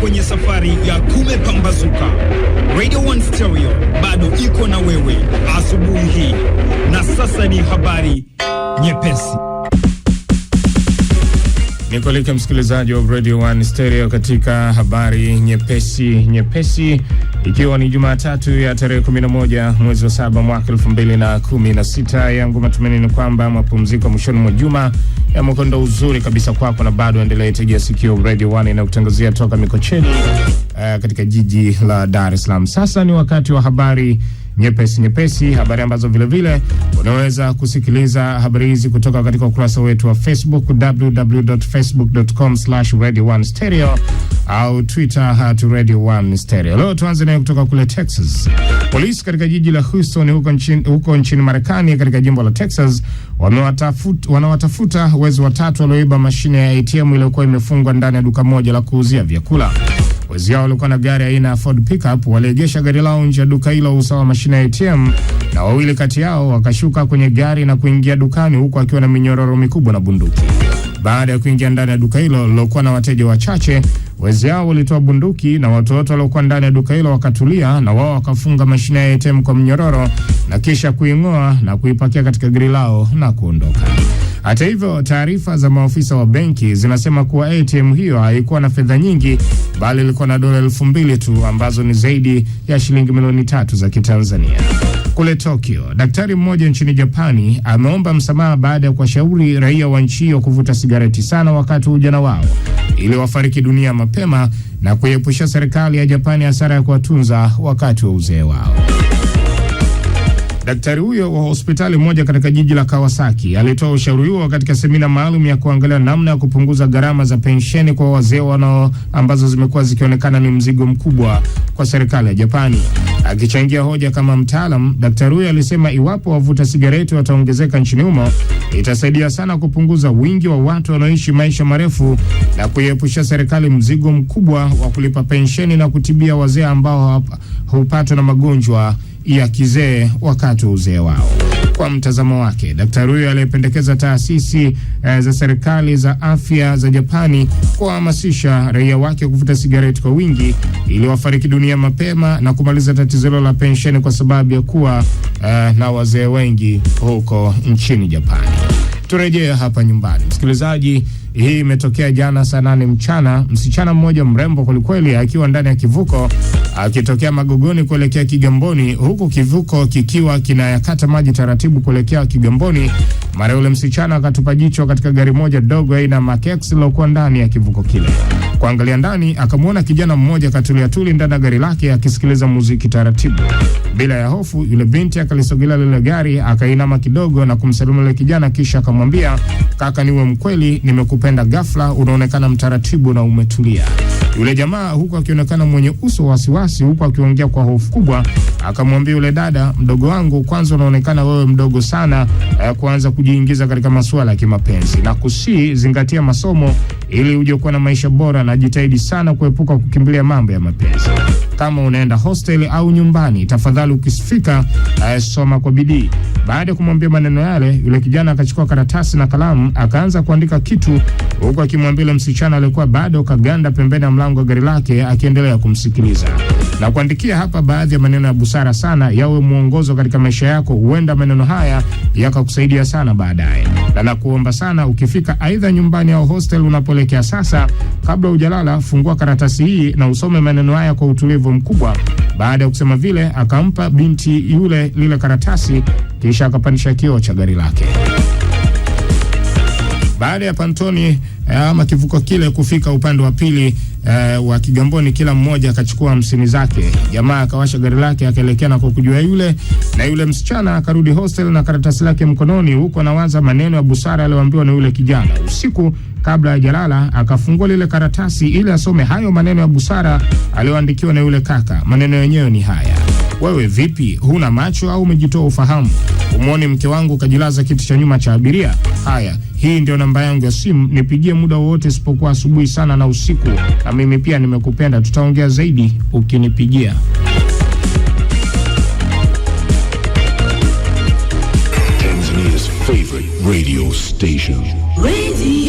kwenye safari ya Kumepambazuka. Radio One Stereo bado iko na wewe asubuhi hii, na sasa ni habari nyepesi. Ni kualika msikilizaji wa Radio One Stereo katika habari nyepesi nyepesi, ikiwa ni Jumatatu ya tarehe 11 mwezi wa saba mwaka 2016. Yangu matumaini ni kwamba mapumziko mwishoni mwa juma yamekwenda uzuri kabisa kwako, na bado endelea itegea sikio Radio One inayokutangazia toka Mikocheni, uh, katika jiji la Dar es Salaam. Sasa ni wakati wa habari nyepesi nyepesi, habari ambazo vilevile unaweza kusikiliza habari hizi kutoka katika ukurasa wetu wa Facebook wwwfacebookcom radio one stereo au Twitter radio one stereo Leo tuanze naye kutoka kule Texas. Polisi katika jiji la Houston huko nchini, huko nchini Marekani katika jimbo la Texas wanawatafuta wezi watatu walioiba mashine ya ATM iliyokuwa imefungwa ndani ya duka moja la kuuzia vyakula. Wezi hao walikuwa na gari aina ya Ford pickup, waliegesha gari lao nje ya duka hilo usawa mashine ya ATM, na wawili kati yao wakashuka kwenye gari na kuingia dukani, huku akiwa na minyororo mikubwa na bunduki. Baada ya kuingia ndani ya duka hilo lilokuwa na wateja wachache, wezi hao walitoa bunduki na watu wote waliokuwa ndani ya duka hilo wakatulia, na wao wakafunga mashine ya ATM kwa mnyororo na kisha kuing'oa na kuipakia katika gari lao na kuondoka. Hata hivyo, taarifa za maofisa wa benki zinasema kuwa ATM hiyo haikuwa na fedha nyingi, bali ilikuwa na dola elfu mbili tu ambazo ni zaidi ya shilingi milioni tatu za Kitanzania. Kule Tokyo, daktari mmoja nchini Japani ameomba msamaha baada ya kuwashauri raia wa nchi hiyo kuvuta sigareti sana wakati wa ujana wao ili wafariki dunia mapema na kuiepusha serikali ya Japani hasara ya kuwatunza wakati wa uzee wao. Daktari huyo wa hospitali moja katika jiji la Kawasaki alitoa ushauri huo katika semina maalum ya kuangalia namna ya kupunguza gharama za pensheni kwa wazee wanao ambazo zimekuwa zikionekana ni mzigo mkubwa kwa serikali ya Japani. Akichangia hoja kama mtaalam, daktari huyo alisema iwapo wavuta sigareti wataongezeka nchini humo, itasaidia sana kupunguza wingi wa watu wanaoishi maisha marefu na kuiepusha serikali mzigo mkubwa wa kulipa pensheni na kutibia wazee ambao hupatwa na magonjwa ya kizee wakati wa uzee wao. Kwa mtazamo wake, daktari huyo aliyependekeza taasisi eh, za serikali za afya za Japani kuwahamasisha raia wake kuvuta sigareti kwa wingi ili wafariki dunia mapema na kumaliza tatizo la pensheni kwa sababu ya kuwa eh, na wazee wengi huko nchini Japani. turejee hapa nyumbani, msikilizaji. Hii imetokea jana saa nane mchana, msichana mmoja mrembo kwelikweli akiwa ndani ya kivuko akitokea Magogoni kuelekea Kigamboni, huku kivuko kikiwa kinayakata maji taratibu kuelekea Kigamboni. Mara yule msichana akatupa jicho katika gari moja dogo aina Makex lilokuwa ndani ya kivuko kile. Kuangalia ndani, akamwona kijana mmoja katuliatuli ndani ya gari lake akisikiliza muziki taratibu. Bila ya hofu, yule binti akalisogelea lile gari, akainama kidogo na kumsalimu yule kijana, kisha akamwambia, kaka, niwe mkweli, nimekupa unakwenda ghafla, unaonekana mtaratibu na umetulia. Yule jamaa huku akionekana mwenye uso wa wasiwasi, huku akiongea kwa hofu kubwa, akamwambia yule dada, mdogo wangu, kwanza unaonekana wewe mdogo sana eh, kuanza kujiingiza katika masuala ya kimapenzi na kusii, zingatia masomo ili uje kuwa na maisha bora, na jitahidi sana kuepuka kukimbilia mambo ya mapenzi kama unaenda hostel au nyumbani, tafadhali ukifika, uh, eh, soma kwa bidii. Baada ya kumwambia maneno yale, yule kijana akachukua karatasi na kalamu akaanza kuandika kitu, huku akimwambia yule msichana aliyekuwa bado kaganda pembeni ya mlango wa gari lake akiendelea kumsikiliza na kuandikia hapa baadhi ya maneno ya busara sana yawe mwongozo katika maisha yako. Huenda maneno haya yakakusaidia sana baadaye, na nakuomba sana ukifika aidha nyumbani au hostel unapoelekea sasa, kabla hujalala, fungua karatasi hii na usome maneno haya kwa utulivu wivu mkubwa. Baada ya kusema vile, akampa binti yule lile karatasi, kisha akapandisha kioo cha gari lake. Baada ya pantoni eh, ama kivuko kile kufika upande wa pili eh, wa Kigamboni, kila mmoja akachukua hamsini zake. Jamaa akawasha gari lake akaelekea na kukujua kujua yule na yule msichana akarudi hostel na karatasi lake mkononi, huku anawaza maneno ya busara aliyoambiwa na yule kijana. Usiku kabla ya Jalala akafungua lile karatasi ili asome hayo maneno ya busara aliyoandikiwa na yule kaka. Maneno yenyewe ni haya: wewe vipi, huna macho au umejitoa ufahamu? Umwoni mke wangu ukajilaza kiti cha nyuma cha abiria? Haya, hii ndio namba yangu ya simu, nipigie muda wowote isipokuwa asubuhi sana na usiku, na mimi pia nimekupenda. Tutaongea zaidi ukinipigia. Tanzania's favorite radio station. Radio.